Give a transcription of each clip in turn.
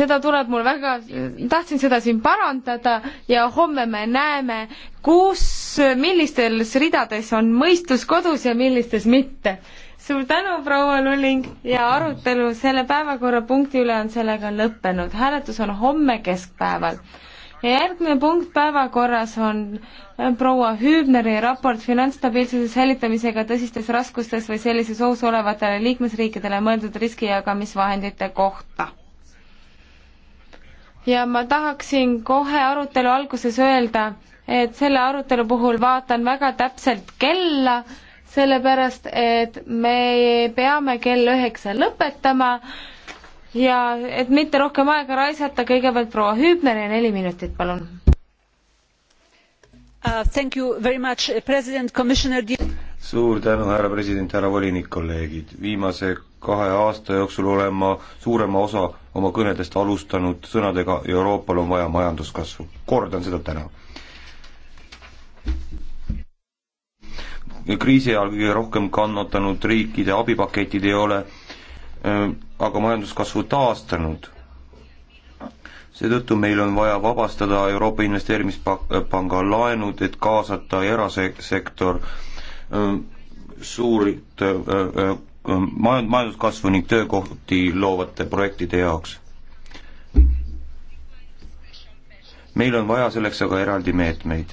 seda tuleb mul väga, tahtsin seda siin parandada ja homme me näeme, kus, millistes ridades on mõistus kodus ja millistes mitte. suur tänu, proua Lulling ja arutelu selle päevakorrapunkti üle on sellega lõppenud. hääletus on homme keskpäeval ja järgmine punkt päevakorras on äh, proua Hübneri raport finantsstabiilsuse säilitamisega tõsistes raskustes või sellises ohus olevatele liikmesriikidele mõeldud riskijagamisvahendite kohta ja ma tahaksin kohe arutelu alguses öelda, et selle arutelu puhul vaatan väga täpselt kella, sellepärast et me peame kell üheksa lõpetama ja et mitte rohkem aega raisata, kõigepealt proua Hüübner ja neli minutit, palun uh,. Much, suur tänu, härra president, härra volinik, kolleegid, viimase kahe aasta jooksul olen ma suurema osa oma kõnedest alustanud sõnadega Euroopal on vaja majanduskasvu. kordan seda täna. kriisi ajal kõige rohkem kannatanud riikide abipaketid ei ole aga majanduskasvu taastanud. seetõttu meil on vaja vabastada Euroopa Investeerimispanga laenud, et kaasata erasektor suurt Ähm, majand-, majanduskasvu ning töökohti loovate projektide jaoks. meil on vaja selleks aga eraldi meetmeid.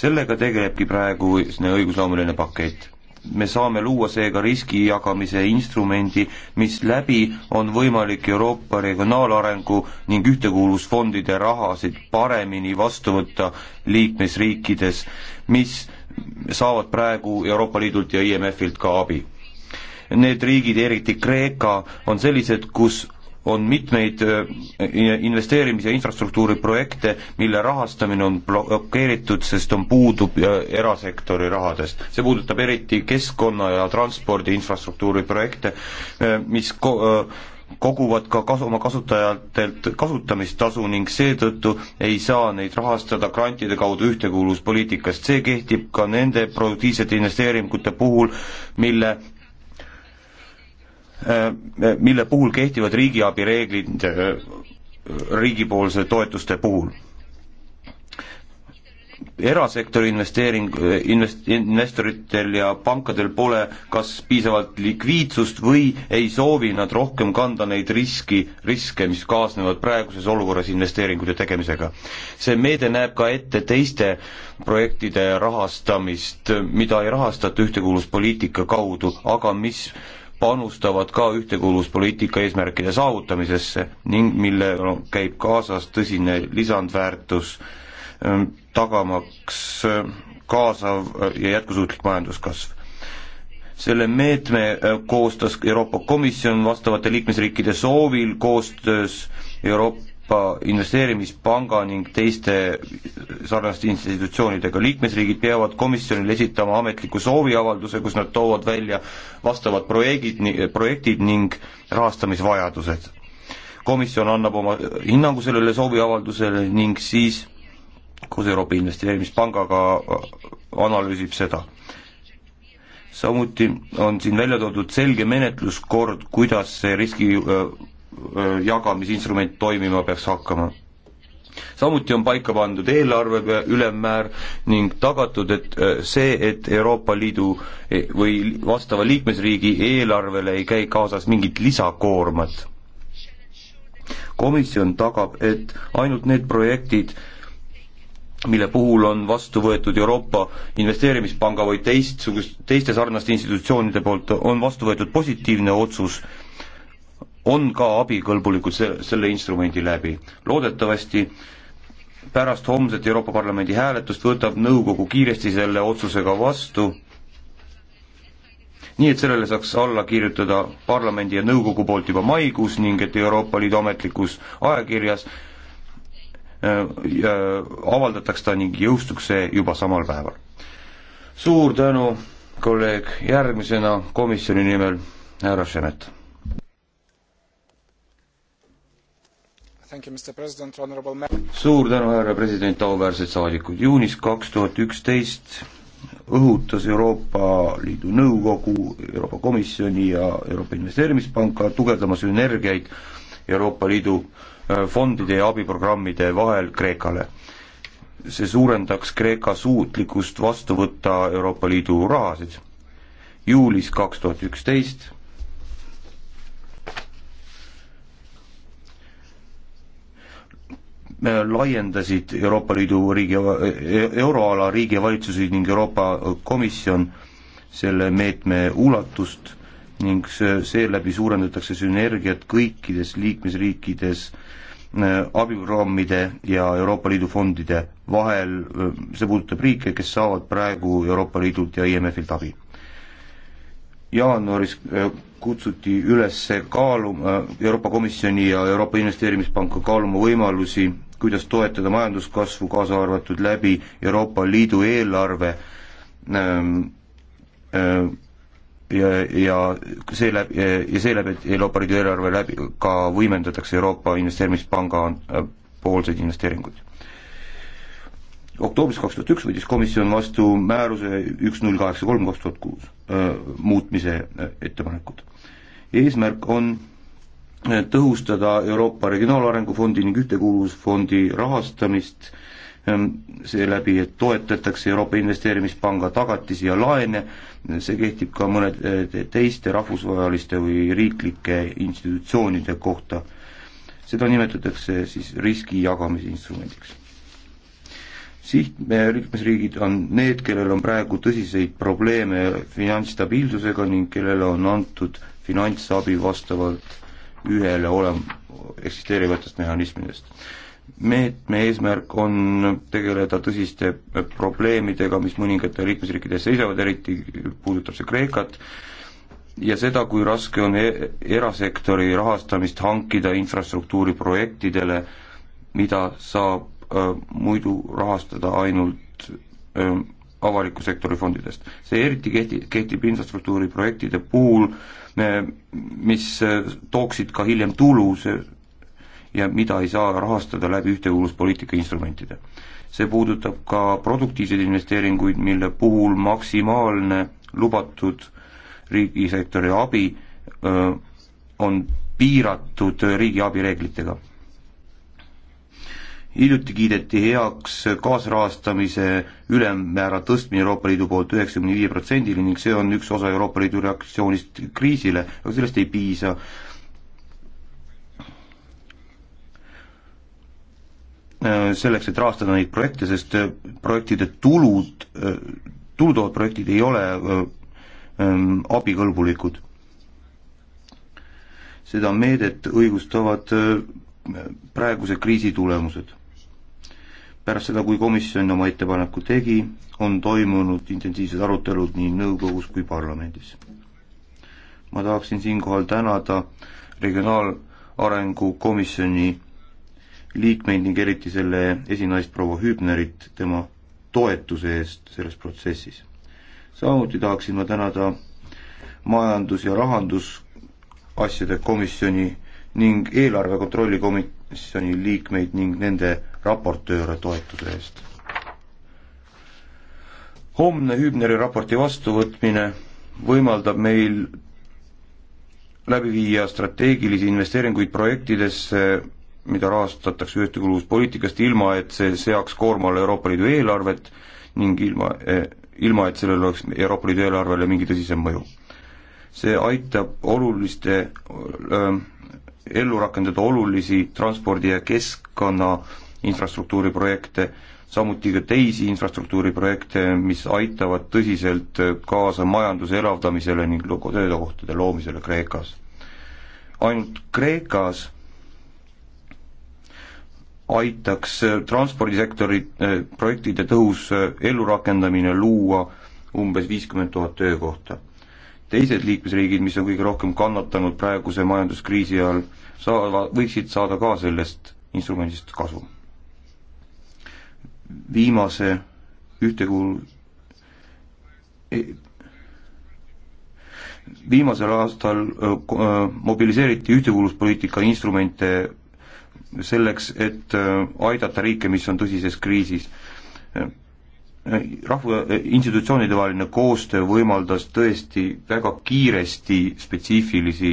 sellega tegelebki praegu õigusloomeline pakett. me saame luua seega riski jagamise instrumendi, mis läbi on võimalik Euroopa regionaalarengu ning ühtekuuluvusfondide rahasid paremini vastu võtta liikmesriikides, mis saavad praegu Euroopa Liidult ja IMF-ilt ka abi Need riigid, eriti Kreeka, on sellised, kus on mitmeid äh, investeerimis- ja infrastruktuuriprojekte, mille rahastamine on blokeeritud, sest on puudub äh, erasektori rahadest. see puudutab eriti keskkonna ja transpordi infrastruktuuriprojekte, äh, mis ko-, koguvad ka kasu, oma kasutajatelt kasutamistasu ning seetõttu ei saa neid rahastada grantide kaudu ühtekuuluvuspoliitikast. see kehtib ka nende produktiivsete investeeringute puhul, mille Äh, äh, mille puhul kehtivad riigiabi reeglid äh, riigipoolse toetuste puhul. erasektori investeering, invest-, investoritel ja pankadel pole kas piisavalt likviidsust või ei soovi nad rohkem kanda neid riski, riske, mis kaasnevad praeguses olukorras investeeringute tegemisega. see meede näeb ka ette teiste projektide rahastamist, mida ei rahastata ühtekuuluvuspoliitika kaudu, aga mis äh, panustavad ka ühtekuuluvuspoliitika eesmärkide saavutamisesse ning mille käib kaasas tõsine lisandväärtus, ähm, tagamaks ähm, kaasav äh, ja jätkusuutlik majanduskasv. selle meetme äh, koostas Euroopa Komisjon vastavate liikmesriikide soovil koostöös Euroopa Euroopa Investeerimispanga ning teiste sarnaste institutsioonidega. liikmesriigid peavad komisjonile esitama ametliku sooviavalduse, kus nad toovad välja vastavad projektid, projektid ning rahastamisvajadused. komisjon annab oma hinnangu sellele sooviavaldusele ning siis koos Euroopa Investeerimispangaga äh, analüüsib seda samuti on siin välja toodud selge menetluskord, kuidas see riski äh, jagamisinstrument toimima peaks hakkama. samuti on paika pandud eelarve ülemmäär ning tagatud, et see, et Euroopa Liidu e, või vastava liikmesriigi eelarvele ei käi kaasas mingit lisakoormat. komisjon tagab, et ainult need projektid, mille puhul on vastu võetud Euroopa Investeerimispanga või teistsugust, teiste sarnaste institutsioonide poolt, on vastu võetud positiivne otsus on ka abikõlbulikud se-, selle instrumendi läbi. loodetavasti pärast homset Euroopa Parlamendi hääletust võtab nõukogu kiiresti selle otsusega vastu, nii et sellele saaks alla kirjutada parlamendi ja nõukogu poolt juba maikuus ning et Euroopa Liidu ametlikus ajakirjas äh, äh, avaldataks ta ning jõustuks see juba samal päeval. suur tänu, kolleeg, järgmisena komisjoni nimel härra Šemet suur tänu, härra president, auväärsed saadikud, juunis kaks tuhat üksteist õhutas Euroopa Liidu Nõukogu, Euroopa Komisjoni ja Euroopa Investeerimispanka tugevdama sünergiaid Euroopa Liidu äh, fondide ja abiprogrammide vahel Kreekale. see suurendaks Kreeka suutlikkust vastu võtta Euroopa Liidu rahasid. juulis kaks tuhat üksteist laiendasid Euroopa Liidu riigi, euroala riigivalitsusi ning Euroopa Komisjon selle meetme ulatust ning seeläbi suurendatakse sünergiat kõikides liikmesriikides äh, abiprogrammide ja Euroopa Liidu fondide vahel, see puudutab riike, kes saavad praegu Euroopa Liidult ja IMF-ilt abi. jaanuaris äh, kutsuti üles kaaluma, äh, Euroopa Komisjoni ja Euroopa Investeerimispanka kaaluma võimalusi kuidas toetada majanduskasvu, kaasa arvatud läbi Euroopa Liidu eelarve ähm, ähm, ja, ja seeläbi, ja seeläbi, et Euroopa Liidu eelarve läbi ka võimendatakse Euroopa Investeerimispanga äh, poolseid investeeringuid oktoobris kaks tuhat üks võttis komisjon vastu määruse üks null kaheksa kolm kaks tuhat kuus äh, muutmise äh, ettepanekud. eesmärk on tõhustada Euroopa Regionaalarengu Fondi ning Ühtekuuluvusfondi rahastamist ehm, seeläbi, et toetatakse Euroopa Investeerimispanga tagatisi ja laene, see kehtib ka mõnede eh, teiste rahvusvaheliste või riiklike institutsioonide kohta. seda nimetatakse siis riski jagamise instrumendiks. siht, liikmesriigid on need, kellel on praegu tõsiseid probleeme finantsstabiilsusega ning kellele on antud finantsabi vastavalt ühele olem-, eksisteerivatest mehhanismidest. meetme eesmärk on tegeleda tõsiste probleemidega, mis mõningate liikmesriikide seisavad, eriti puudutab see Kreekat, ja seda, kui raske on e erasektori rahastamist hankida infrastruktuuriprojektidele, mida saab äh, muidu rahastada ainult äh, avaliku sektori fondidest. see eriti kehti, kehtib infrastruktuuri projektide puhul, eh, mis eh, tooksid ka hiljem tulu ja mida ei saa rahastada läbi ühtekuuluvuspoliitika instrumentide. see puudutab ka produktiivseid investeeringuid, mille puhul maksimaalne lubatud riigisektori abi öö, eh, on piiratud riigiabi reeglitega hiljuti kiideti heaks kaasrahastamise ülemmäära tõstmine Euroopa Liidu poolt üheksakümne viie protsendini ning see on üks osa Euroopa Liidu reaktsioonist kriisile, aga sellest ei piisa. selleks, et rahastada neid projekte, sest projektide tulud, tulu toovad projektid ei ole ähm, abikõlbulikud. seda meedet õigustavad äh, praeguse kriisi tulemused pärast seda, kui komisjon oma ettepaneku tegi, on toimunud intensiivsed arutelud nii nõukogus kui parlamendis. ma tahaksin siinkohal tänada Regionaalarengu Komisjoni liikmeid ning eriti selle esinaist proua Hübnerit tema toetuse eest selles protsessis. samuti tahaksin ma tänada majandus- ja rahandusasjade komisjoni ning eelarve kontrolli komi-, komisjoni liikmeid ning nende raportööre toetuse eest. homne Hübneri raporti vastuvõtmine võimaldab meil läbi viia strateegilisi investeeringuid projektidesse, mida rahastatakse ühtekuuluvuspoliitikast, ilma et see seaks koormale Euroopa Liidu eelarvet ning ilma, eh, ilma et sellel oleks Euroopa Liidu eelarvele mingi tõsisem mõju. see aitab oluliste öö, ellu rakendada olulisi transpordi ja keskkonna infrastruktuuri projekte, samuti ka teisi infrastruktuuriprojekte, mis aitavad tõsiselt kaasa majanduse elavdamisele ning töökohtade loomisele Kreekas. ainult Kreekas aitaks transpordisektori eh, projektide tõhus eh, ellurakendamine luua umbes viiskümmend tuhat töökohta teised liikmesriigid, mis on kõige rohkem kannatanud praeguse majanduskriisi ajal, saava, võiksid saada ka sellest instrumendist kasu. viimase ühtekuul-, e-, viimasel aastal mobiliseeriti ühtekuuluvuspoliitika instrumente selleks, et aidata riike, mis on tõsises kriisis rahva, institutsioonide vaheline koostöö võimaldas tõesti väga kiiresti spetsiifilisi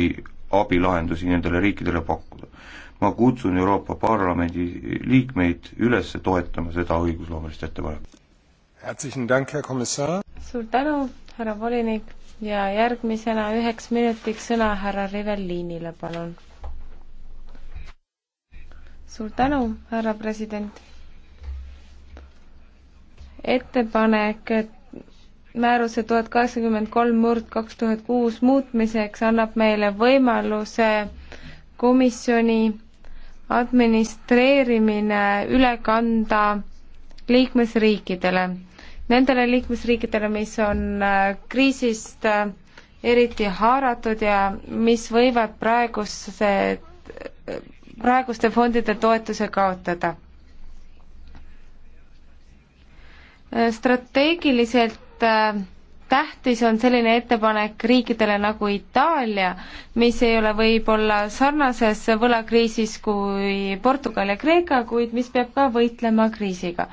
abilahendusi nendele riikidele pakkuda. ma kutsun Euroopa Parlamendi liikmeid üles toetama seda õigusloomelist ettepanekut. suur tänu, härra volinik, ja järgmisena üheks minutiks sõna härra Rivellinile, palun. suur tänu, härra president ettepanek määruse tuhat kaheksakümmend kolm murd kaks tuhat kuus muutmiseks annab meile võimaluse komisjoni administreerimine üle kanda liikmesriikidele. Nendele liikmesriikidele, mis on äh, kriisist äh, eriti haaratud ja mis võivad praegused, äh, praeguste fondide toetuse kaotada Äh, strateegiliselt äh, tähtis on selline ettepanek riikidele nagu Itaalia, mis ei ole võib-olla sarnases võlakriisis kui Portugal ja Kreeka, kuid mis peab ka võitlema kriisiga.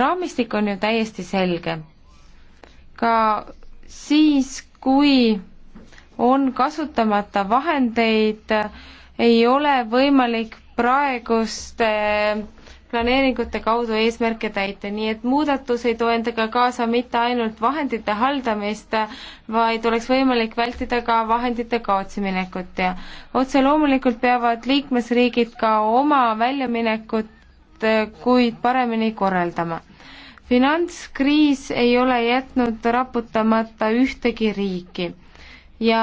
raamistik on ju täiesti selge. ka siis, kui on kasutamata vahendeid, ei ole võimalik praeguste äh, planeeringute kaudu eesmärke täita, nii et muudatus ei too endaga kaasa mitte ainult vahendite haldamist, vaid oleks võimalik vältida ka vahendite kaotsiminekut ja otse loomulikult peavad liikmesriigid ka oma väljaminekut äh, kuid paremini korraldama. finantskriis ei ole jätnud raputamata ühtegi riiki ja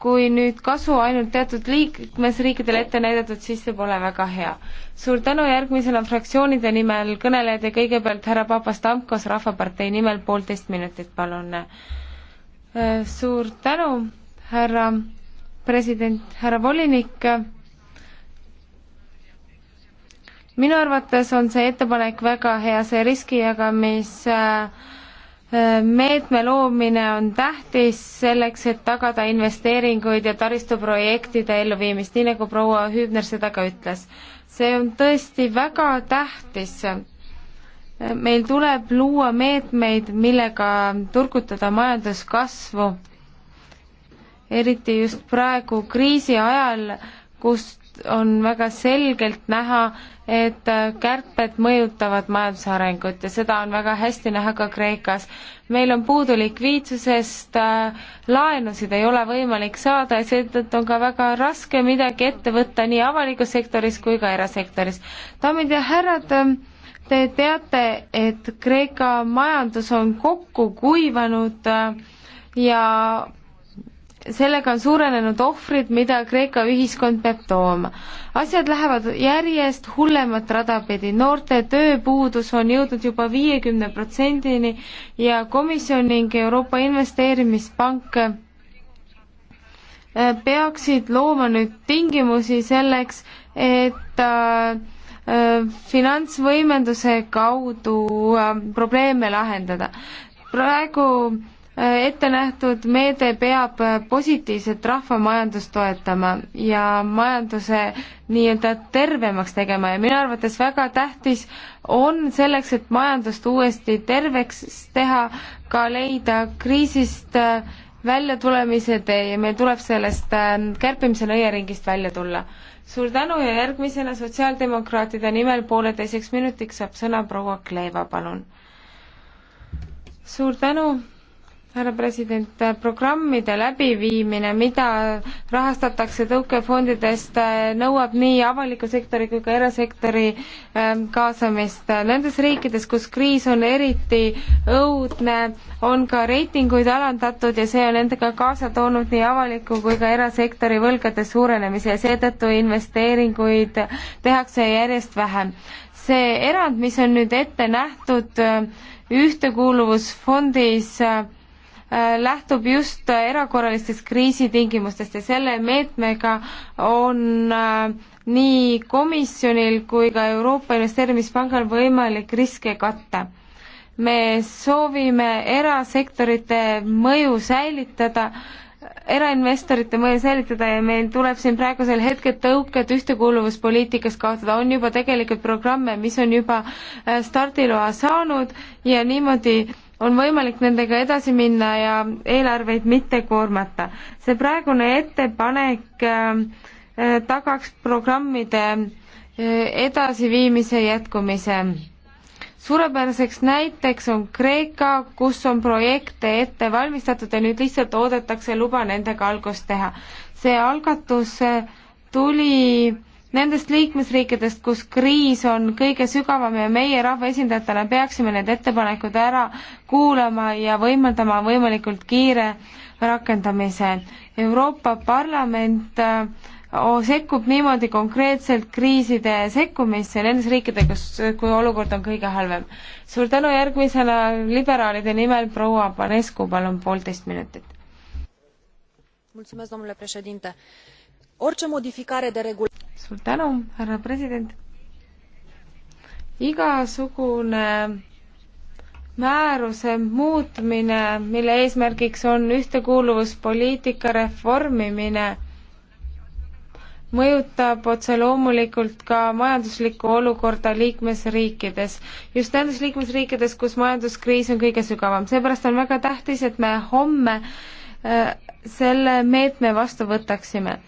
kui nüüd kasu ainult teatud liikmesriikidele ette näidatud, siis see pole väga hea. suur tänu, järgmisena fraktsioonide nimel kõnelejad ja kõigepealt härra Papastamkos Rahvapartei nimel poolteist minutit, palun. Äh, suur tänu, härra president, härra volinik. minu arvates on see ettepanek väga hea, see riski jagamis äh, meetme loomine on tähtis selleks, et tagada investeeringuid ja taristuprojektide elluviimist, nii nagu proua Hübner seda ka ütles. see on tõesti väga tähtis. meil tuleb luua meetmeid, millega turgutada majanduskasvu, eriti just praegu kriisi ajal, kus on väga selgelt näha, et kärped mõjutavad majandusarengut ja seda on väga hästi näha ka Kreekas. meil on puudu likviidsusest, laenusid ei ole võimalik saada ja seetõttu on ka väga raske midagi ette võtta nii avalikus sektoris kui ka erasektoris. daamid ja härrad, te teate, et Kreeka majandus on kokku kuivanud ja sellega on suurenenud ohvrid, mida Kreeka ühiskond peab tooma. asjad lähevad järjest hullemat rada pidi, noorte tööpuudus on jõudnud juba viiekümne protsendini ja komisjon ning Euroopa Investeerimispank äh, peaksid looma nüüd tingimusi selleks, et äh, äh finantsvõimenduse kaudu äh, probleeme lahendada. praegu äh, ette nähtud meede peab positiivset rahvamajandust toetama ja majanduse nii-öelda tervemaks tegema ja minu arvates väga tähtis on selleks, et majandust uuesti terveks teha, ka leida kriisist äh, väljatulemise tee ja meil tuleb sellest äh, kärpimise nõiaringist välja tulla. suur tänu ja järgmisena sotsiaaldemokraatide nimel pooleteiseks minutiks saab sõna proua Kleeva, palun. suur tänu härra president, programmide läbiviimine, mida rahastatakse tõukefondidest, nõuab nii avaliku sektori kui ka erasektori ähm, kaasamist. Nendes riikides, kus kriis on eriti õudne, on ka reitinguid alandatud ja see on endaga kaasa toonud nii avaliku kui ka erasektori võlgade suurenemise ja seetõttu investeeringuid tehakse järjest vähem. see erand, mis on nüüd ette nähtud äh, ühtekuuluvusfondis äh, Äh, lähtub just erakorralistest kriisitingimustest ja selle meetmega on äh, nii komisjonil kui ka Euroopa Investeerimispangal võimalik riske katta. me soovime erasektorite mõju säilitada erainvestorite mõju säilitada ja meil tuleb siin praegusel hetkel tõuked ühtekuuluvuspoliitikas kaotada, on juba tegelikult programme, mis on juba äh, stardiloa saanud ja niimoodi on võimalik nendega edasi minna ja eelarveid mitte koormata. see praegune ettepanek äh, äh, tagaks programmide äh, edasiviimise jätkumise. suurepäraseks näiteks on Kreeka, kus on projekte ette valmistatud ja nüüd lihtsalt oodatakse luba nendega algust teha. see algatus tuli nendest liikmesriikidest, kus kriis on kõige sügavam ja meie rahvaesindajatena peaksime need ettepanekud ära kuulama ja võimaldama võimalikult kiire rakendamise. Euroopa Parlament äh, sekkub niimoodi konkreetselt kriiside sekkumisse nendes riikides, kus, kui olukord on kõige halvem. suur tänu järgmisena liberaalide nimel proua Panescu, palun poolteist minutit. mulțumesc, domnule președinte orice modificare de regulament. suur tänu, härra president. igasugune määruse muutmine, mille eesmärgiks on ühtekuuluvuspoliitika reformimine, mõjutab otse loomulikult ka majanduslikku olukorda liikmesriikides, just nendes liikmesriikides, kus majanduskriis on kõige sügavam. seepärast on väga tähtis, et me homme äh, selle meetme vastu võtaksime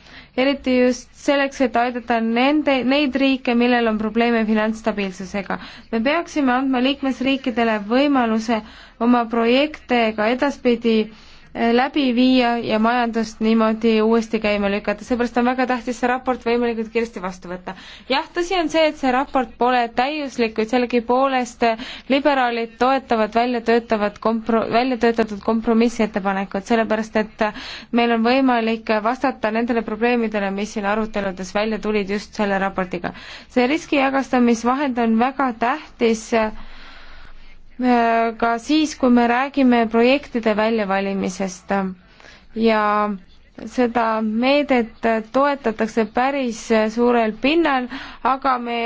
eriti just selleks, et aidata nende, neid riike, millel on probleeme finantsstabiilsusega. me peaksime andma liikmesriikidele võimaluse oma projekte ka edaspidi äh, läbi viia ja majandust niimoodi uuesti käima lükata, seepärast on väga tähtis see raport võimalikult kiiresti vastu võtta. jah, tõsi on see, et see raport pole täiuslik, kuid sellegipoolest liberaalid toetavad välja töötavat kompro-, välja töötatud kompromissettepanekut, sellepärast et meil on võimalik vastata nendele probleemidele, mis siin aruteludes välja tulid just selle raportiga. see riski jagastamisvahend on väga tähtis äh, Äh, ka siis, kui me räägime projektide väljavalimisest ja seda meedet toetatakse päris suurel pinnal, aga me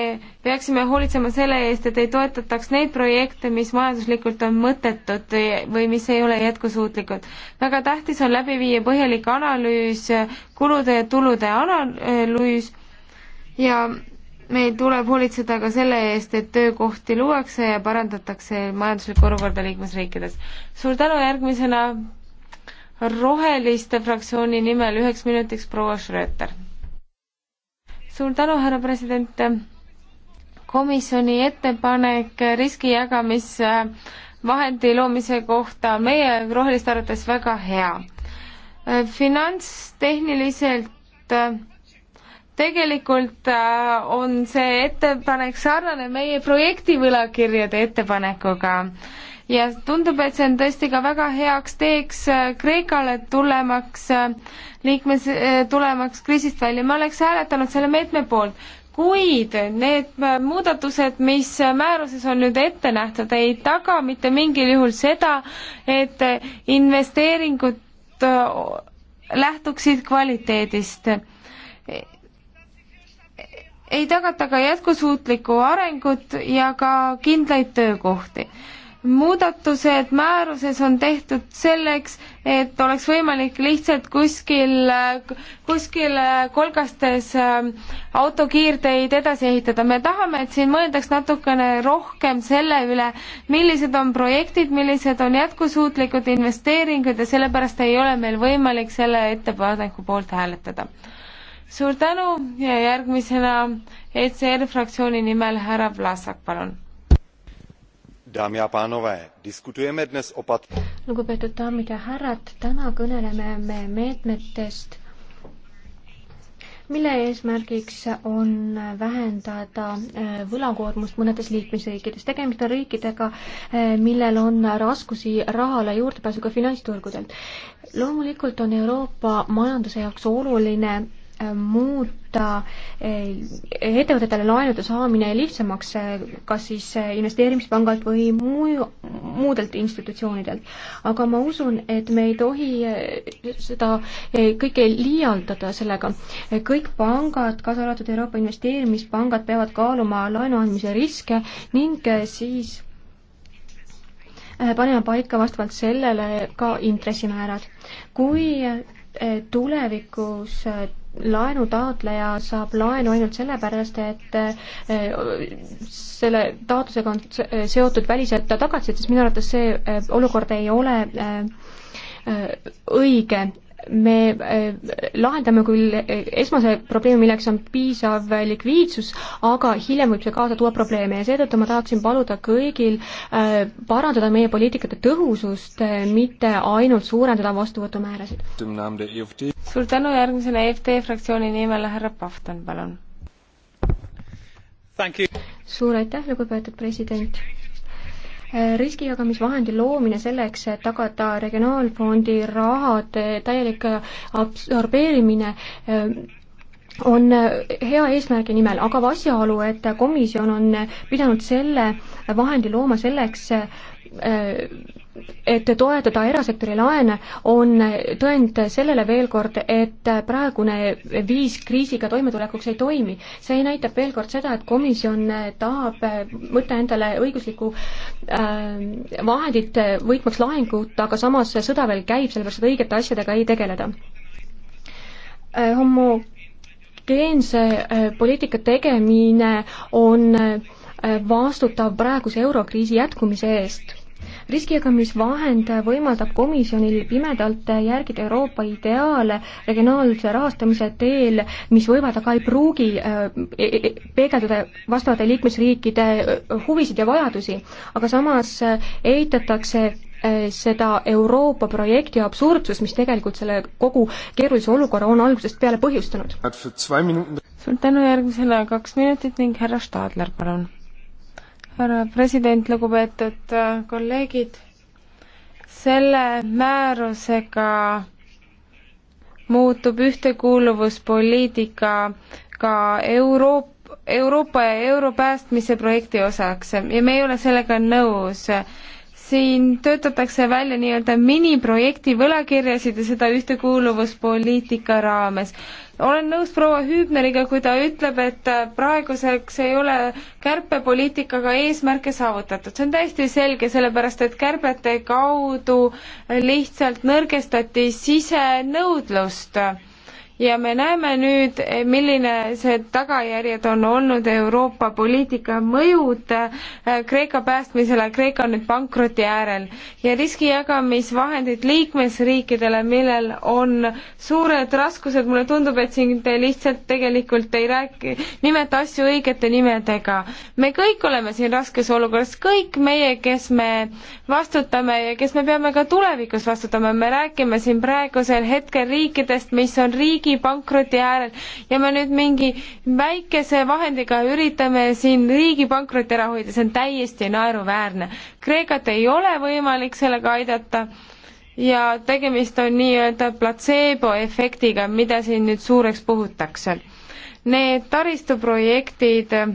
peaksime hoolitsema selle eest, et ei toetataks neid projekte, mis majanduslikult on mõttetud või mis ei ole jätkusuutlikud. väga tähtis on läbi viia põhjalik analüüs, kulude ja tulude analüüs ja meil tuleb hoolitseda ka selle eest, et töökohti luuakse ja parandatakse majanduslikku olukorda liikmesriikides. suur tänu, järgmisena Roheliste fraktsiooni nimel üheks minutiks proua Schröter. suur tänu, härra president. komisjoni ettepanek riskijagamisvahendi loomise kohta meie roheliste arvates väga hea. finantstehniliselt tegelikult äh, on see ettepanek sarnane meie projekti võlakirjade ettepanekuga ja tundub, et see on tõesti ka väga heaks teeks äh, Kreekale tulemaks äh, liikmes, tulemaks kriisist välja, ma oleks hääletanud selle meetme poolt, kuid need muudatused, mis määruses on nüüd ette nähtud, ei taga mitte mingil juhul seda, et investeeringud lähtuksid kvaliteedist ei tagata ka jätkusuutlikku arengut ja ka kindlaid töökohti. muudatused määruses on tehtud selleks, et oleks võimalik lihtsalt kuskil, kuskil kolgastes äh, autokiirteid edasi ehitada. me tahame, et siin mõeldaks natukene rohkem selle üle, millised on projektid, millised on jätkusuutlikud investeeringud ja sellepärast ei ole meil võimalik selle ettepaneku poolt hääletada suur tänu ja järgmisena ECR fraktsiooni nimel härra Vlasak, palun. Dámy a pánové, diskutujeme dnes o pat-. lugupeetud daamid ja härrad, täna kõneleme me meetmetest, mille eesmärgiks on vähendada äh, võlakoormust mõnedes liikmesriikides. tegemist on riikidega, äh, millel on raskusi rahale juurdepääsuga finantsturgudelt. loomulikult on Euroopa majanduse jaoks oluline Äh, muuta äh, ettevõtetele laenude saamine lihtsamaks, äh, kas siis investeerimispangalt või muu, muudelt institutsioonidelt. aga ma usun, et me ei tohi seda kõike liialdada sellega. kõik pangad, kaasa arvatud Euroopa investeerimispangad, peavad kaaluma laenu andmise riske ning siis panema paika vastavalt sellele ka intressimäärad. kui tulevikus laenutaotleja saab laenu ainult sellepärast, et eh, selle taotlusega on seotud välised tagatised, siis minu arvates see eh, olukord ei ole eh, õige me äh, lahendame küll äh, esmase probleemi, milleks on piisav likviidsus, aga hiljem võib see kaasa tuua probleeme ja seetõttu ma tahaksin paluda kõigil äh, parandada meie poliitikate tõhusust, mitte ainult suurendada vastuvõtumäärasid. suur tänu, järgmisena EFT fraktsiooni nimel härra Pahvtan, palun. suur aitäh, lugupeetud president riskijagamisvahendi loomine selleks, et tagada Regionaalfondi rahade täielik absorbeerimine, eh, on eh, hea eesmärgi nimel, aga asjaolu, et komisjon on pidanud selle vahendi looma selleks, Äh, et toetada erasektori laene, on tõend sellele veel kord, et praegune viis kriisiga toimetulekuks ei toimi. see näitab veel kord seda, et komisjon tahab võtta endale õiguslikku äh, vahendit võitmaks laengut, aga samas sõda veel käib, sellepärast et õigete asjadega ei tegeleda. Äh, homogeense poliitika tegemine on vastutav praeguse eurokriisi jätkumise eest riskijagamisvahend võimaldab komisjonil pimedalt järgida Euroopa ideaale regionaalse rahastamise teel, mis võivad aga ei pruugi äh, e, e, peegeldada vastavate liikmesriikide äh, huvisid ja vajadusi, aga samas äh, eitatakse seda Euroopa projekti absurdsust, mis tegelikult selle kogu keerulise olukorra on algusest peale põhjustanud. suur tänu järgmisele, kaks minutit ning härra Stadler, palun härra president, lugupeetud äh, kolleegid, selle määrusega muutub ühtekuuluvuspoliitika ka Euroop-, Euroopa ja euro päästmise projekti osaks ja me ei ole sellega nõus. siin töötatakse välja nii-öelda miniprojekti võlakirjasid ja seda ühtekuuluvuspoliitika raames olen nõus proua Hüübneriga, kui ta ütleb, et praeguseks ei ole kärpepoliitikaga eesmärke saavutatud. see on täiesti selge, sellepärast et kärbete kaudu lihtsalt nõrgestati sisenõudlust ja me näeme nüüd, milline see tagajärjed on olnud Euroopa poliitika mõjud äh, Kreeka päästmisele, Kreeka on nüüd pankroti äärel ja riskijagamisvahendid liikmesriikidele, millel on suured raskused, mulle tundub, et siin te lihtsalt tegelikult ei räägi, nimeta asju õigete nimedega. me kõik oleme siin raskes olukorras, kõik meie, kes me vastutame ja kes me peame ka tulevikus vastutama, me räägime siin praegusel hetkel riikidest, mis on riigid, riigi pankroti äärel ja me nüüd mingi väikese vahendiga üritame siin riigi pankrotti ära hoida, see on täiesti naeruväärne. Kreekat ei ole võimalik sellega aidata ja tegemist on nii-öelda platseeboefektiga, mida siin nüüd suureks puhutakse. Need taristuprojektid äh,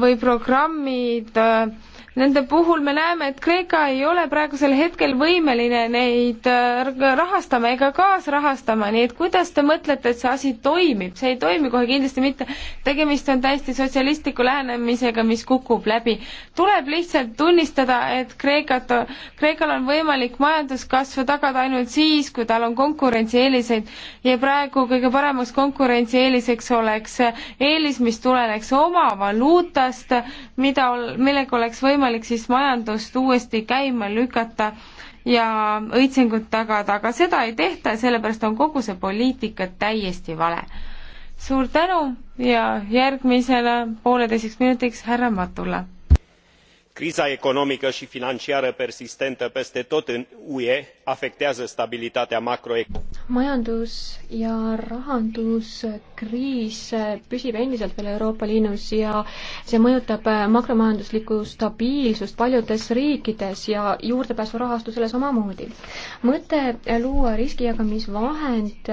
või programmid äh, Nende puhul me näeme, et Kreeka ei ole praegusel hetkel võimeline neid äh, rahastama ega kaasrahastama, nii et kuidas te mõtlete, et see asi toimib, see ei toimi kohe kindlasti mitte. tegemist on täiesti sotsialistliku lähenemisega, mis kukub läbi. tuleb lihtsalt tunnistada, et Kreekat, Kreekal on võimalik majanduskasvu tagada ainult siis, kui tal on konkurentsieeliseid ja praegu kõige paremaks konkurentsieeliseks oleks eelis, mis tuleneks oma valuutast, mida, millega oleks võimalik võimalik siis majandust uuesti käima lükata ja õitsingut tagada, aga seda ei tehta ja sellepärast on kogu see poliitika täiesti vale. suur tänu ja järgmisele pooleteiseks minutiks härra Matula criza economică i financiară persistentă peste tot în ue afectează stabilitatea macroeconomică. majandus ja rahanduskriis püsib endiselt veel euroopa liidus ja see mõjutab makromajanduslikku stabiilsust paljudes riikides ja juurdepääsu rahastusele samamoodi. mõte luua riskijagamisvahend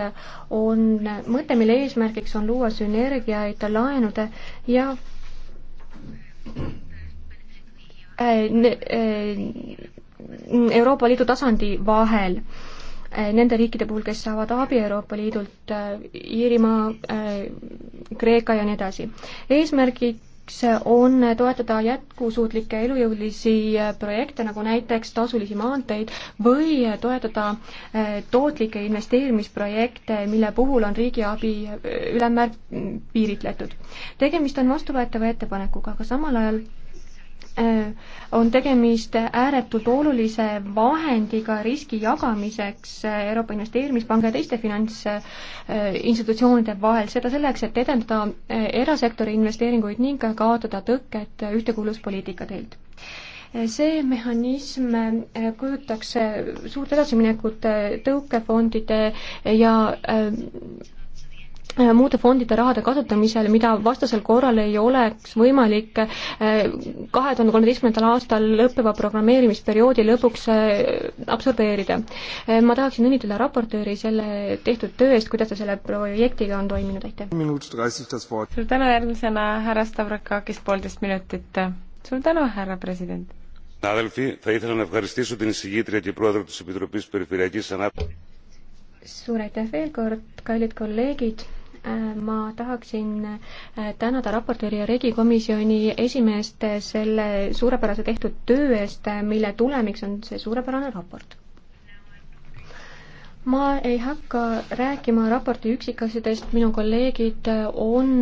on mõte mille eesmärgiks on luua sünergiaid laenude ja Äh, äh, Euroopa Liidu tasandi vahel äh, nende riikide puhul, kes saavad abi Euroopa Liidult, Iirimaa, Kreeka ja nii edasi. eesmärgiks on toetada jätkusuutlikke elujõulisi projekte, nagu näiteks tasulisi maanteid, või toetada tootlikke investeerimisprojekte, mille puhul on riigiabi ülemmäär piiritletud. tegemist on vastuvõetava ettepanekuga, aga samal ajal Äh, on tegemist ääretult olulise vahendiga riski jagamiseks äh, Euroopa Investeerimispanga ja teiste finantsinstitutsioonide vahel, seda selleks, et edendada äh, erasektori investeeringuid ning kaotada tõkked ühtekuuluvuspoliitika teilt see mehhanism kujutaks suurt edasiminekut tõukefondide ja Äh, muude fondide rahade kasutamisel, mida vastasel korral ei oleks võimalik äh, kahe tuhande kolmeteistkümnendal aastal lõppeva programmeerimisperioodi lõpuks äh, absorbeerida. ma tahaksin õnnitleda raportööri selle tehtud töö eest, kuidas ta selle projektiga on toiminud, aitäh! suur tänu, järgmisena härra Stavrakakis, poolteist minutit. suur tänu, härra president! suur aitäh veel kord, kallid kolleegid! Äh, ma tahaksin äh, tänada raportööri ja regikomisjoni esimeest selle suurepärase tehtud töö eest, äh, mille tulemiks on see suurepärane raport. ma ei hakka rääkima raporti üksikasjadest, minu kolleegid on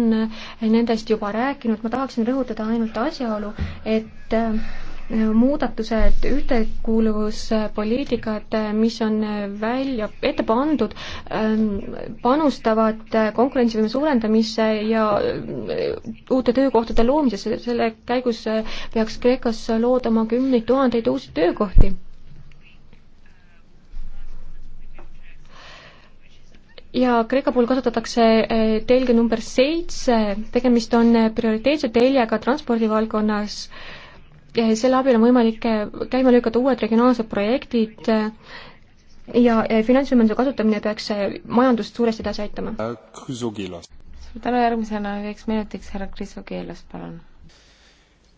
nendest juba rääkinud, ma tahaksin rõhutada ainult asjaolu, et muudatused ühtekuuluvuspoliitikad, mis on välja, ette pandud, ähm, panustavad konkurentsivõime suurendamisse ja äh, uute töökohtade loomisesse, selle käigus äh, peaks Kreekas loodama kümneid tuhandeid uusi töökohti. ja Kreeka puhul kasutatakse äh, telge number seitse, tegemist on prioriteetse teljega transpordivaldkonnas äh, Eh, selle abil on võimalik eh, käima lükata uued regionaalsed projektid eh, ja finantsvõimaluse kasutamine peaks majandust suuresti edasi aitama. Äh, suur tänu, järgmisena üheks minutiks härra Krisokielas, palun.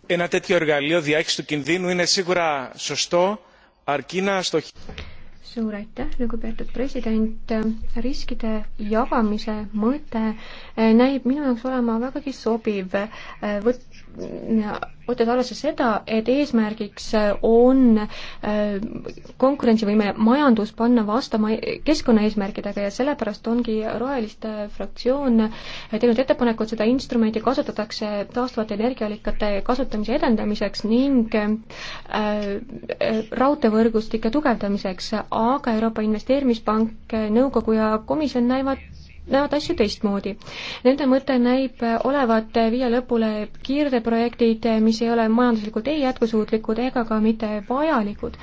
Ένα τέτοιο εργαλείο διάχυσης του κινδύνου είναι σίγουρα σωστό, αρκεί να στοχεύει suur aitäh, lugupeetud president, riskide jagamise mõte näib minu jaoks olema vägagi sobiv, võt-, võttes arvesse seda, et eesmärgiks on äh, konkurentsivõime majandus panna vastama keskkonnaeesmärkidega ja sellepärast ongi Roheliste fraktsioon äh, teinud ettepaneku, et seda instrumenti kasutatakse taastuvate energiaallikate kasutamise edendamiseks ning äh, raudteevõrgustike tugevdamiseks, aga Euroopa Investeerimispank, nõukogu ja komisjon näivad näevad asju teistmoodi. Nende mõte näib olevat viia lõpule kiirteprojektid, mis ei ole majanduslikult ei jätkusuutlikud ega ka mitte vajalikud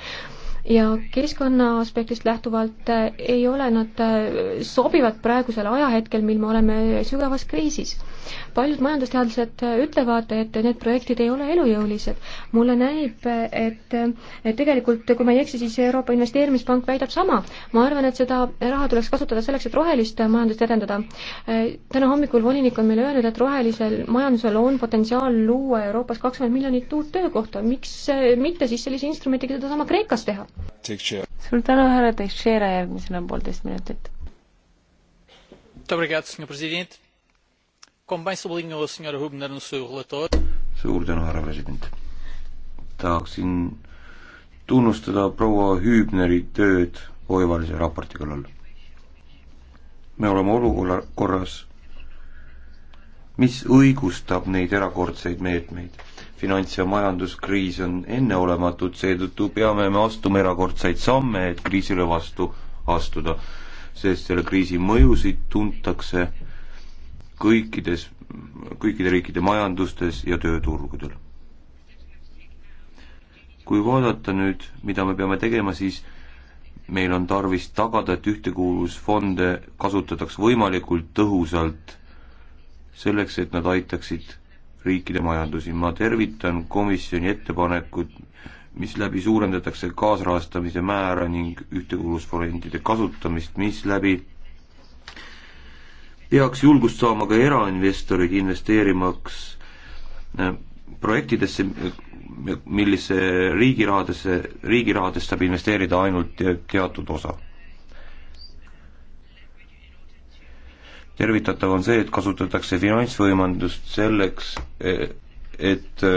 ja keskkonna aspektist lähtuvalt äh, ei ole nad äh, sobivad praegusel ajahetkel, mil me oleme sügavas kriisis. paljud majandusteadlased äh, ütlevad, et need projektid ei ole elujõulised. mulle näib, et, et tegelikult kui ma ei eksi, siis Euroopa Investeerimispank väidab sama. ma arvan, et seda raha tuleks kasutada selleks, et rohelist majandust edendada. täna hommikul volinik on meile öelnud, et rohelisel majandusel on potentsiaal luua Euroopas kakskümmend miljonit uut töökohta, miks mitte siis sellise instrumendiga sedasama Kreekas teha? suur tänu, härra Teixeira, järgmisena poolteist minutit. suur tänu, härra president. tahaksin tunnustada proua Hübneri tööd oivalise raporti kallal. me oleme olukorras, mis õigustab neid erakordseid meetmeid finants- ja majanduskriis on enneolematud, seetõttu peame me astuma erakordseid samme, et kriisile vastu astuda. sest selle kriisi mõjusid tuntakse kõikides, kõikide riikide majandustes ja tööturgudel. kui vaadata nüüd, mida me peame tegema, siis meil on tarvis tagada, et ühtekuuluvusfonde kasutataks võimalikult tõhusalt selleks, et nad aitaksid riikide majandusi. ma tervitan komisjoni ettepanekut, mis läbi suurendatakse kaasrahastamise määra ning ühtekuuluvusfondide kasutamist, mis läbi peaks julgust saama ka erainvestorid investeerimaks äh, projektidesse, äh, millise riigi rahadesse, riigi rahadest saab investeerida ainult teatud osa tervitatav on see, et kasutatakse finantsvõimendust selleks, e, et e,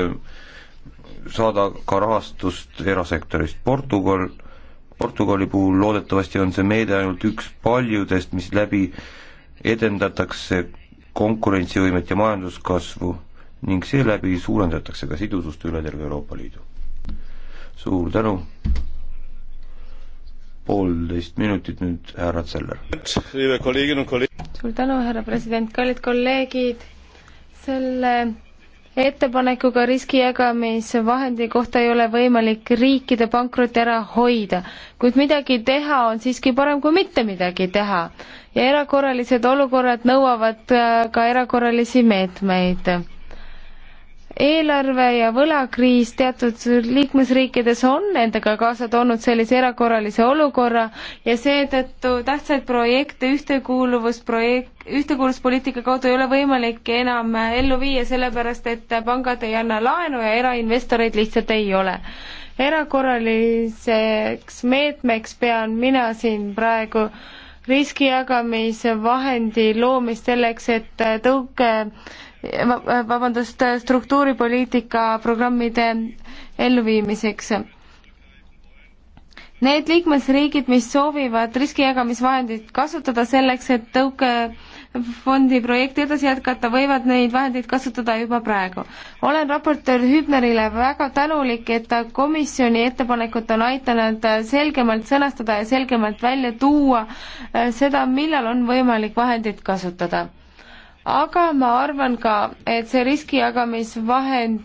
saada ka rahastust erasektorist. Portugal, Portugali puhul loodetavasti on see meede ainult üks paljudest, mis läbi edendatakse konkurentsivõimet ja majanduskasvu ning seeläbi suurendatakse ka sidusust üle terve Euroopa Liidu. suur tänu! poolteist minutit nüüd härra Zeller. suur tänu, härra president, kallid kolleegid, selle ettepanekuga riskijagamisvahendi kohta ei ole võimalik riikide pankrotti ära hoida, kuid midagi teha on siiski parem kui mitte midagi teha. ja erakorralised olukorrad nõuavad äh, ka erakorralisi meetmeid eelarve ja võlakriis teatud liikmesriikides on endaga kaasa toonud sellise erakorralise olukorra ja seetõttu tähtsaid projekte ühtekuuluvusprojekt, ühtekuuluvuspoliitika kaudu ei ole võimalik enam ellu viia, sellepärast et pangad ei anna laenu ja erainvestoreid lihtsalt ei ole. erakorraliseks meetmeks pean mina siin praegu riskijagamise vahendi loomist selleks, et tõuke Äh, vabandust, äh, struktuuripoliitika programmide elluviimiseks. Need liikmesriigid, mis soovivad riskijagamisvahendit kasutada selleks, et tõukefondi projekti edasi jätkata, võivad neid vahendeid kasutada juba praegu. olen raportöör Hübnerile väga tänulik, et ta komisjoni ettepanekut on aidanud selgemalt sõnastada ja selgemalt välja tuua äh, seda, millal on võimalik vahendit kasutada aga ma arvan ka, et see riskijagamisvahend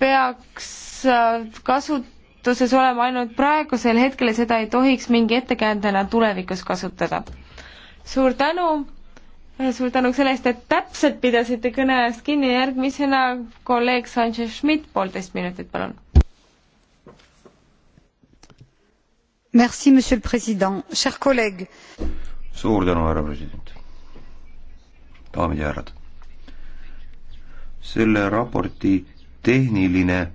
peaks äh, kasutuses olema ainult praegusel hetkel ja seda ei tohiks mingi ettekäändena tulevikus kasutada. suur tänu, suur tänu selle eest, et täpselt pidasite kõne ajast kinni, järgmisena kolleeg Sanchez Schmidt, poolteist minutit, palun. Merci, monsieur le president, chers collègues. suur tänu, härra president daamid ja härrad. selle raporti tehniline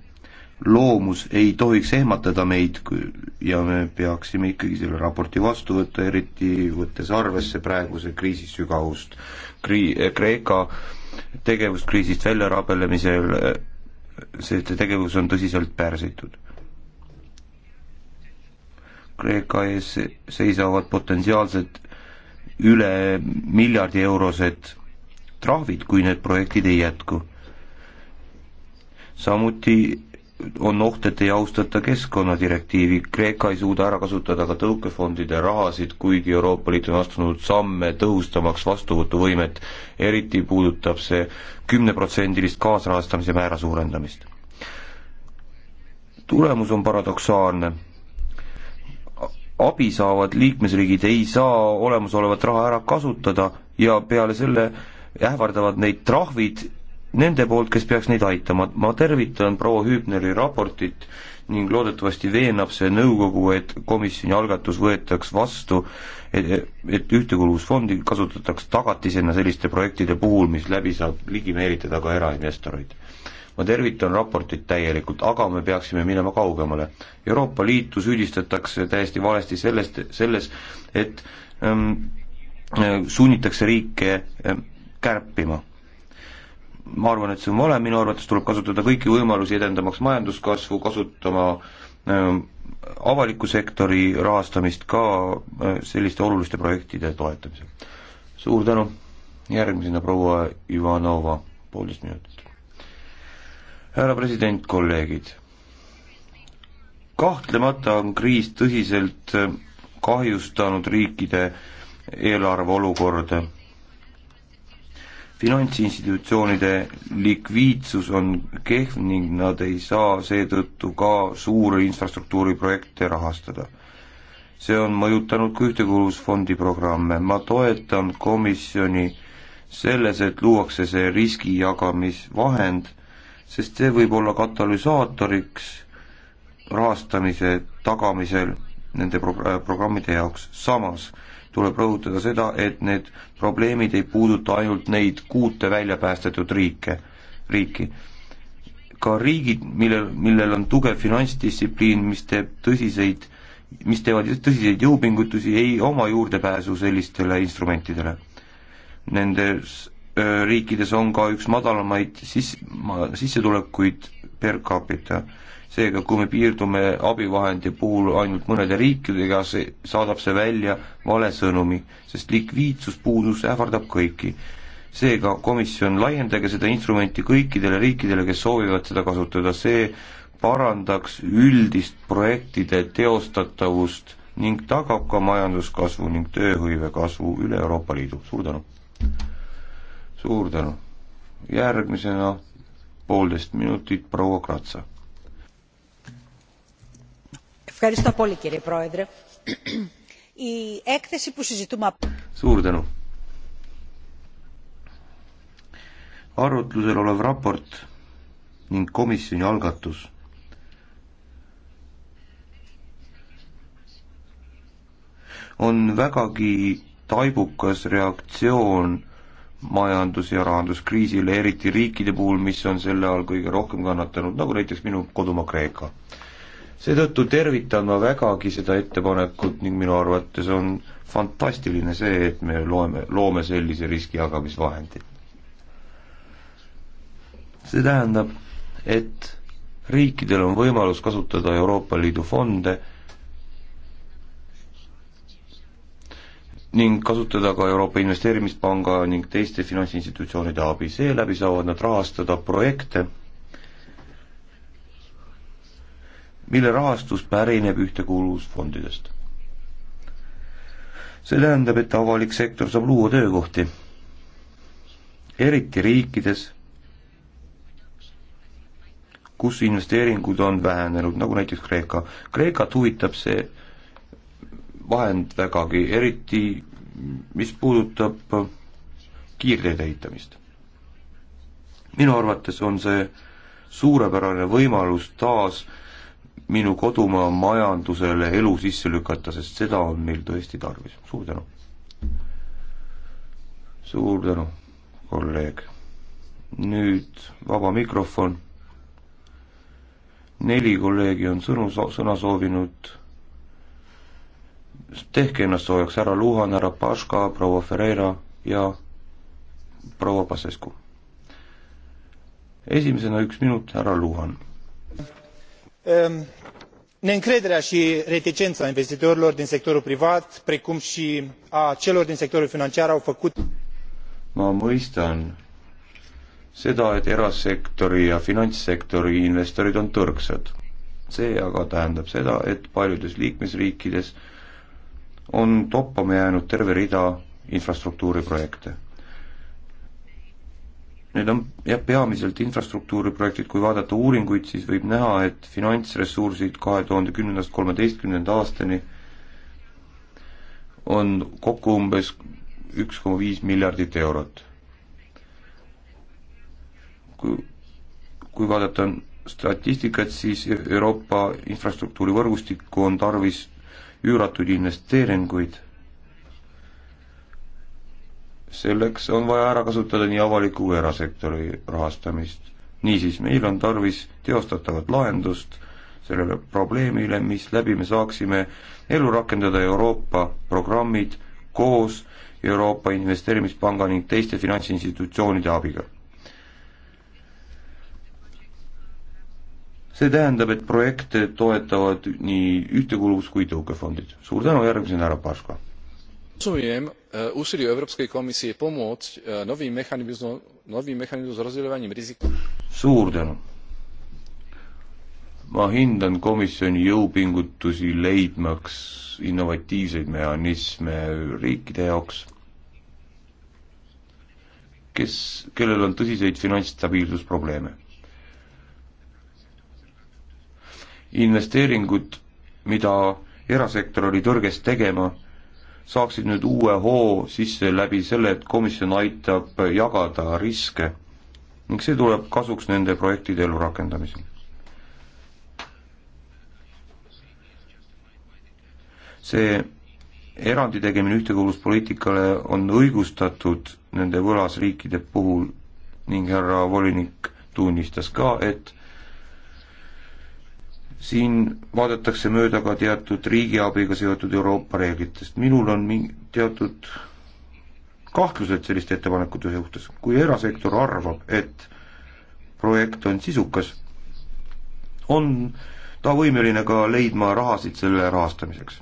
loomus ei tohiks ehmatada meid ja me peaksime ikkagi selle raporti vastu võtta, eriti võttes arvesse praeguse kriisi sügavust. Kri-, Kreeka tegevus kriisist välja rabelemisel, see tegevus on tõsiselt pärsitud. Kreeka ees seisavad potentsiaalsed üle miljardi eurosed trahvid, kui need projektid ei jätku. samuti on oht, et ei austata keskkonnadirektiivi, Kreeka ei suuda ära kasutada ka tõukefondide rahasid, kuigi Euroopa Liit on astunud samme tõhustamaks vastuvõtuvõimet, eriti puudutab see kümneprotsendilist kaasrahastamise määra suurendamist. tulemus on paradoksaalne abi saavad liikmesriigid ei saa olemasolevat raha ära kasutada ja peale selle ähvardavad neid trahvid nende poolt, kes peaks neid aitama. ma tervitan proua Hüübneri raportit ning loodetavasti veenab see nõukogu, et komisjoni algatus võetaks vastu, et, et ühtekuuluvusfondi kasutataks tagatisena selliste projektide puhul, mis läbi saab ligi meelitada ka erainvestoreid. ma tervitan raportit täielikult, aga me peaksime minema kaugemale. Euroopa Liitu süüdistatakse täiesti valesti sellest, selles, et ähm, äh, sunnitakse riike ähm, kärpima. ma arvan, et see on vale, minu arvates tuleb kasutada kõiki võimalusi, edendamaks majanduskasvu, kasutama äh, avaliku sektori rahastamist ka äh, selliste oluliste projektide toetamisel. suur tänu, järgmisena proua Ivanova, poolteist minutit. härra president, kolleegid kahtlemata on kriis tõsiselt äh, kahjustanud riikide eelarve olukorda finantsinstitutsioonide likviidsus on kehv ning nad ei saa seetõttu ka suuri infrastruktuuriprojekte rahastada. see on mõjutanud ka ühtekuuluvusfondi programme, ma toetan komisjoni selles, et luuakse see riskijagamisvahend, sest see võib olla katalüsaatoriks rahastamise tagamisel nende pro-, programmide jaoks, samas tuleb rõhutada seda, et need probleemid ei puuduta ainult neid kuute väljapäästetud riike, riiki. ka riigid, millel, millel on tugev finantsdistsipliin, mis teeb tõsiseid, mis teevad tõsiseid jõupingutusi, ei oma juurdepääsu sellistele instrumentidele. Nendes riikides on ka üks madalamaid sisse, sissetulekuid per capita seega, kui me piirdume abivahendi puhul ainult mõnede riikidega, see saadab see välja vale sõnumi, sest likviidsuspuudus ähvardab kõiki. seega komisjon, laiendage seda instrumenti kõikidele riikidele, kes soovivad seda kasutada, see parandaks üldist projektide teostatavust ning tagab ka majanduskasvu ning tööhõive kasvu üle Euroopa Liidu, suur tänu! suur tänu! järgmisena poolteist minutit proua Kratsa suur tänu. arutlusel olev raport ning komisjoni algatus on vägagi taibukas reaktsioon majandus- ja rahanduskriisile, eriti riikide puhul, mis on selle all kõige rohkem kannatanud, nagu näiteks minu kodumaa Kreeka seetõttu tervitan ma vägagi seda ettepanekut ning minu arvates on fantastiline see, et me loeme, loome sellise riskijagamisvahendi. see tähendab, et riikidel on võimalus kasutada Euroopa Liidu fonde ning kasutada ka Euroopa Investeerimispanga ning teiste finantsinstitutsioonide abi, seeläbi saavad nad rahastada projekte mille rahastus pärineb ühtekuuluvusfondidest. see tähendab, et avalik sektor saab luua töökohti, eriti riikides, kus investeeringud on vähenenud, nagu näiteks Kreeka. Kreekat huvitab see vahend vägagi, eriti mis puudutab kiirteede ehitamist. minu arvates on see suurepärane võimalus taas äh, minu kodumaa majandusele elu sisse lükata, sest seda on meil tõesti tarvis. suur tänu! suur tänu, kolleeg! nüüd vaba mikrofon. neli kolleegi on sõnu, sõna soovinud. tehke ennast soojaks, härra Luhan, härra Paška, proua Ferreira ja proua Pasescu. esimesena üks minut, härra Luhan ähm neîncrederea i reticena investitorilor din sectorul privat precum i a celor din sectorul financiar au făcut ma mõistan seda, et erasektori ja finantssektori investorid on tõrgsad. see aga tähendab seda, et paljudes liikmesriikides on toppama jäänud terve rida infrastruktuuriprojekte Need on jah, peamiselt infrastruktuuriprojektid, kui vaadata uuringuid, siis võib näha, et finantsressursid kahe tuhande kümnendast kolmeteistkümnenda aastani on kokku umbes üks koma viis miljardit eurot. kui, kui vaadata statistikat, siis Euroopa infrastruktuurivõrgustikku on tarvis üüratuid investeeringuid selleks on vaja ära kasutada nii avaliku kui erasektori rahastamist. niisiis, meil on tarvis teostatavat lahendust sellele probleemile, mis läbi me saaksime ellu rakendada Euroopa programmid koos Euroopa Investeerimispanga ning teiste finantsinstitutsioonide abiga. see tähendab, et projekte toetavad nii ühtekuuluvus- kui tõukefondid. suur tänu, järgmisena härra Paška! oceňujem eh, úsilie európskej komisie pomôcť eh, novým mechanizmom s rozdeľovaním rizik suur tänu ma hindan komisjoni jõupingutusi leidmaks innovatiivseid mehhanisme riikide jaoks kes kellel on tõsiseid finantsstabiilsusprobleeme investeeringud mida erasektor oli tõrges tegema saaksid nüüd uue hoo sisse läbi selle, et komisjon aitab jagada riske ning see tuleb kasuks nende projektide ellurakendamisel. see erandi tegemine ühtekuuluvuspoliitikale on õigustatud nende võlasriikide puhul ning härra volinik tunnistas ka, et siin vaadatakse mööda ka teatud riigiabiga seotud Euroopa reeglitest. minul on mingi teatud kahtlused selliste ettepanekute suhtes. kui erasektor arvab, et projekt on sisukas, on ta võimeline ka leidma rahasid selle rahastamiseks.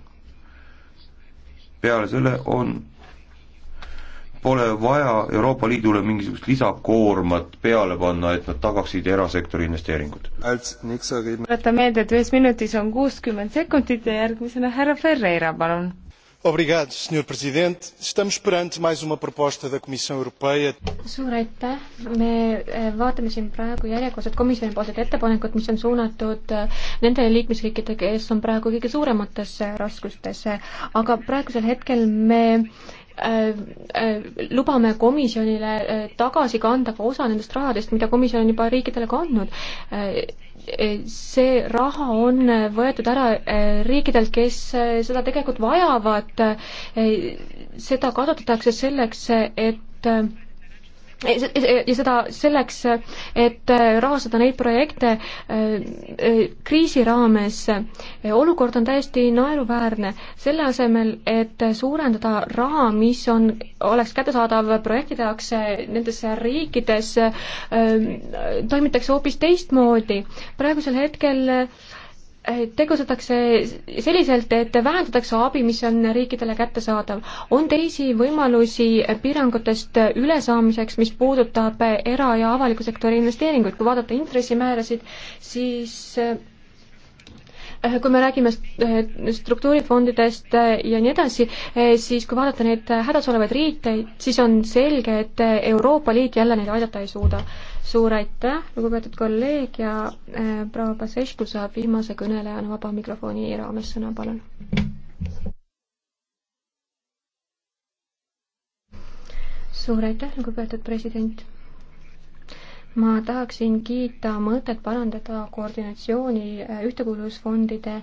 peale selle on pole vaja Euroopa Liidule mingisugust lisakoormat peale panna, et nad tagaksid erasektori investeeringud. tuletan meelde, et ühes minutis on kuuskümmend sekundit ja järgmisena härra Ferreira, palun. Obrigado, senhor president, estamos perante mais uma proposta da Comissão Europeia. suur aitäh, me eh, vaatame siin praegu järjekordset komisjoni poolset ettepanekut, mis on suunatud eh, nendele liikmesriikidele, kes on praegu kõige suurematesse raskustesse, aga praegusel hetkel me äh, Äh, äh, lubame komisjonile äh, tagasi kanda ka osa nendest rahadest, mida komisjon on juba riikidele ka andnud. see raha on võetud ära riikidelt, kes seda tegelikult vajavad, seda kasutatakse selleks, et ja seda selleks, et äh, rahastada neid projekte äh, äh, kriisi raames. olukord on täiesti naeruväärne. selle asemel, et suurendada raha, mis on, oleks kättesaadav projektide jaoks nendes riikides, toimitakse hoopis teistmoodi. praegusel hetkel Äh, tegutsetakse selliselt, et vähendatakse abi, mis on riikidele kättesaadav. on teisi võimalusi piirangutest ülesaamiseks, mis puudutab era- ja avaliku sektori investeeringuid, kui vaadata intressimäärasid, siis äh, kui me räägime äh, struktuurifondidest ja nii edasi, siis kui vaadata neid hädas olevaid riike, siis on selge, et Euroopa Liit jälle neid aidata ei suuda suur aitäh, lugupeetud kolleeg ja äh, proua Pasescu saab viimase kõnelejana vaba mikrofoni raames sõna, palun. suur aitäh, lugupeetud president ma tahaksin kiita mõtet parandada koordinatsiooni äh, ühtekuuluvusfondide äh,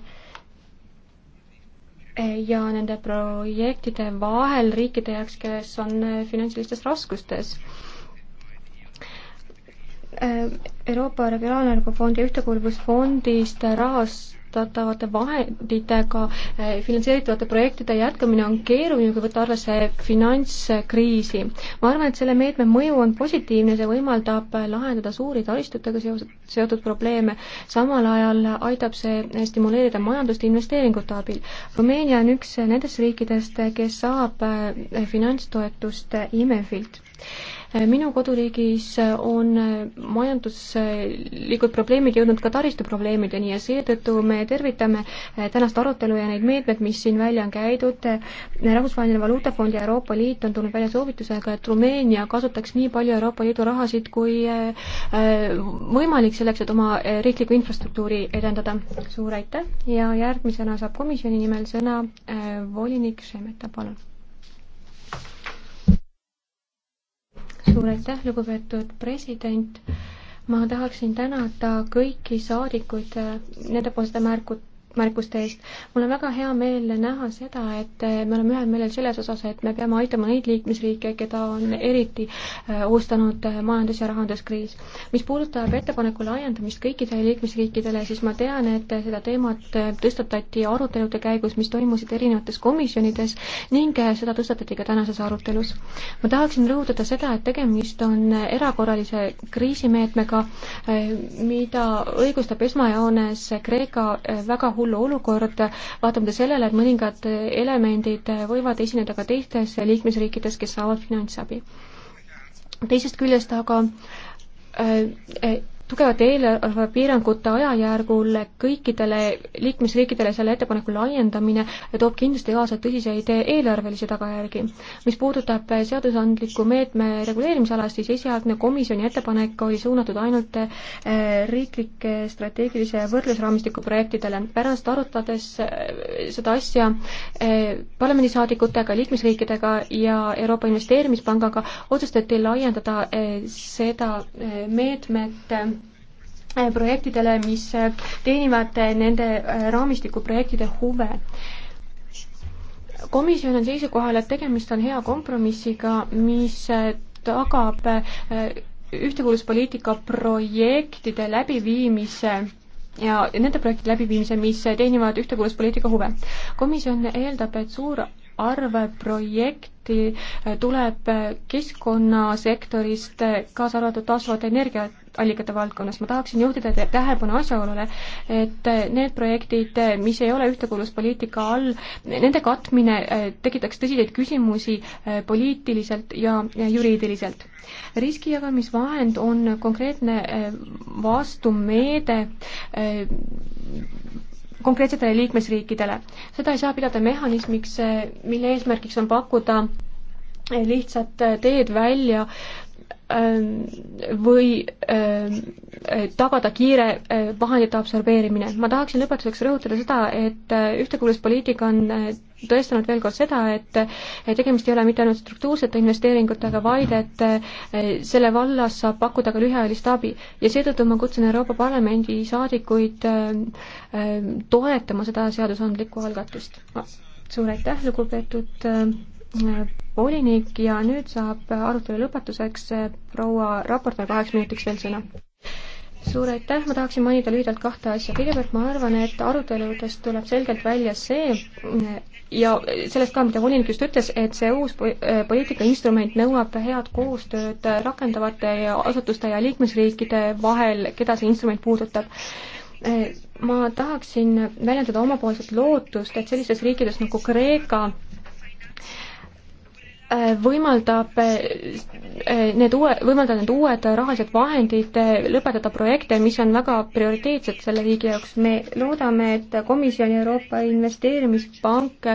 ja nende projektide vahel riikide jaoks, kes on äh, finantsilistes raskustes Äh, Euroopa Regionaalarengu Fondi ühtekuuluvusfondist rahastatavate vahenditega äh, finantseeritavate projektide jätkamine on keeruline, kui võtta arvesse finantskriisi. ma arvan, et selle meetme mõju on positiivne, see võimaldab lahendada suuri taristutega seotud probleeme, samal ajal aitab see stimuleerida majandust investeeringute abil. Rumeenia on üks nendest riikidest, kes saab äh, finantstoetust IMF-ilt minu koduriigis on majanduslikud probleemid jõudnud ka taristuprobleemideni ja seetõttu me tervitame eh, tänast arutelu ja neid meetmeid, mis siin välja on käidud. Eh, rahvusvaheline Valuutafond ja Euroopa Liit on tulnud välja soovitusega, et Rumeenia kasutaks nii palju Euroopa Liidu rahasid kui eh, võimalik selleks, et oma riiklikku infrastruktuuri edendada. suur aitäh ja järgmisena saab komisjoni nimel sõna volinik Šemeta, palun suur aitäh, lugupeetud president. ma tahaksin tänada kõiki saadikuid nendepoolsete märkute märkuste eest. mul on väga hea meel näha seda, et me oleme ühel meelel selles osas, et me peame aitama neid liikmesriike, keda on eriti äh, ohustanud äh, majandus- ja rahanduskriis. mis puudutab ettepaneku laiendamist kõikidele liikmesriikidele, siis ma tean, et seda teemat äh, tõstatati arutelude käigus, mis toimusid erinevates komisjonides ning seda tõstatati ka tänases arutelus. ma tahaksin rõhutada seda, et tegemist on erakorralise kriisimeetmega, mida õigustab esmajoones Kreeka väga hull hull olukord, vaatamata sellele, et mõningad elemendid võivad esineda ka teistes liikmesriikides, kes saavad finantsabi. teisest küljest aga äh, tugevate eelarvepiirangute ajajärgul kõikidele liikmesriikidele selle ettepaneku laiendamine toob kindlasti kaasa tõsiseid eelarvelisi tagajärgi. mis puudutab seadusandliku meetme reguleerimisalast, siis esialgne komisjoni ettepanek oli suunatud ainult äh, riiklike strateegilise võrdlusraamistiku projektidele. pärast arutades äh, seda asja äh, parlamendisaadikutega, liikmesriikidega ja Euroopa Investeerimispangaga otsustati laiendada seda meetmet projektidele, mis teenivad nende äh, raamistikuprojektide huve. komisjon on seisukohal, et tegemist on hea kompromissiga, mis äh, tagab äh, ühtekuuluvuspoliitika projektide läbiviimise ja nende projektide läbiviimise, mis teenivad ühtekuuluvuspoliitika huve. komisjon eeldab, et suur arveprojekti eh, tuleb eh, keskkonnasektorist, eh, kaasa arvatud taastuvate energiaallikate valdkonnas. ma tahaksin juhtida teie tähelepanu asjaolule, et need projektid, mis ei ole ühtekuuluvuspoliitika all, nende katmine tekitaks tõsiseid küsimusi poliitiliselt ja juriidiliselt. riskijagamisvahend on konkreetne vastumeede konkreetsetele liikmesriikidele. seda ei saa pidada mehhanismiks, eh, mille eesmärgiks on pakkuda eh, lihtsat eh, teed välja või tagada kiire vahendite absorbeerimine. ma tahaksin lõpetuseks rõhutada seda, et ühtekuuluvuspoliitika on tõestanud veel kord seda, et tegemist ei ole mitte ainult struktuursete investeeringutega, vaid et eh, selle vallas saab pakkuda ka lühiajalist abi. ja seetõttu ma kutsun Euroopa Parlamendi saadikuid eh, eh, toetama seda seadusandlikku algatust. suur aitäh, lugupeetud volinik ja nüüd saab arutelu lõpetuseks proua raportöör kaheks minutiks veel sõna suur aitäh, ma tahaksin mainida lühidalt kahte asja. kõigepealt ma arvan, et aruteludest tuleb selgelt välja see, ja sellest ka, mida volinik just ütles, et see uus äh, poliitikainstrument nõuab head koostööd äh, rakendavate asutuste ja liikmesriikide vahel, keda see instrument puudutab. Äh, ma tahaksin väljendada omapoolset lootust, et sellistes riikides nagu Kreeka Äh, võimaldab äh, äh, need uue, võimaldab need uued rahalised vahendid lõpetada projekte, mis on väga prioriteetsed selle riigi jaoks. me loodame, et komisjon ja Euroopa Investeerimispank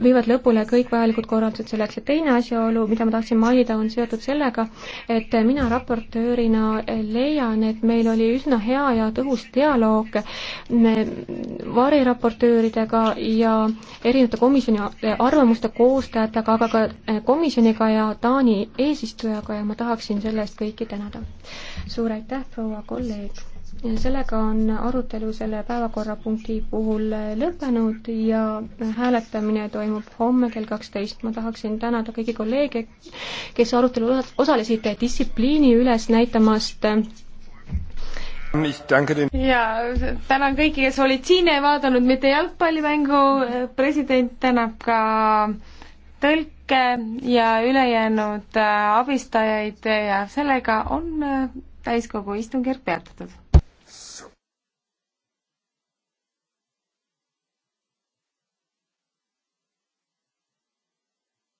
viivad lõpule kõik vajalikud korraldused selleks. ja teine asjaolu, mida ma tahtsin mainida, on seotud sellega, et mina raportöörina leian, et meil oli üsna hea ja tõhus dialoog variraportööridega ja erinevate komisjoni arvamuste koostajatega, aga ka komisjoniga ja Taani eesistujaga ja ma tahaksin selle eest kõiki tänada. suur aitäh, proua kolleeg! sellega on arutelu selle päevakorrapunkti puhul lõppenud ja hääletamine toimub homme kell kaksteist. ma tahaksin tänada kõiki kolleege, kes arutelul osalesid distsipliini üles näitamast ja tänan kõiki, kes olid siin ja ei vaadanud mitte jalgpallimängu, president tänab ka tõlke ja ülejäänud äh, abistajaid ja sellega on äh, täiskogu istungjärk peatatud.